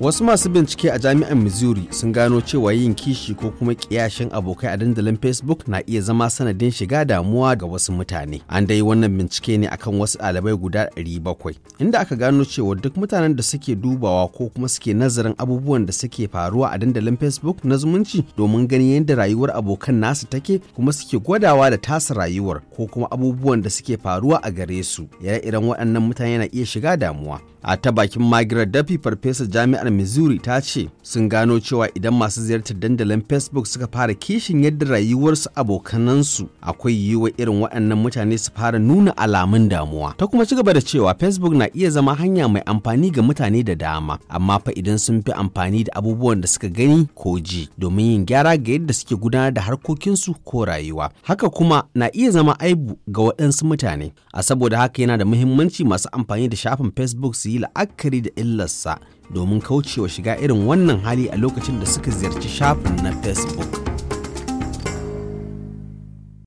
wasu masu bincike a jami'an missouri sun gano cewa yin kishi ko kuma kiyashin abokai a dandalin facebook na iya zama sanadin shiga damuwa ga wasu mutane an dai wannan bincike ne akan wasu ɗalibai guda 700 inda aka gano cewa duk mutanen da suke dubawa ko kuma suke nazarin abubuwan da suke faruwa a dandalin facebook na zumunci domin ganin yadda rayuwar abokan nasu take kuma suke gwadawa da tasa rayuwar ko kuma abubuwan da suke faruwa a gare su ire-iren waɗannan mutane na iya shiga damuwa a ta bakin margaret duffy farfesa jami'ar jami'ar missouri ta ce sun gano cewa idan masu ziyartar dandalin facebook suka fara kishin yadda rayuwarsu abokanansu akwai yiwuwar irin waɗannan mutane su fara nuna alamun damuwa ta kuma ci gaba da cewa facebook na iya zama hanya mai amfani ga mutane da dama amma fa idan sun fi amfani da abubuwan da suka gani ko ji domin yin gyara ga yadda suke gudanar da harkokinsu ko rayuwa haka kuma na iya zama aibu ga waɗansu mutane a saboda haka yana da muhimmanci masu amfani da shafin facebook su yi la'akari da illarsa domin kaucewa shiga irin wannan hali a lokacin da suka ziyarci shafin na facebook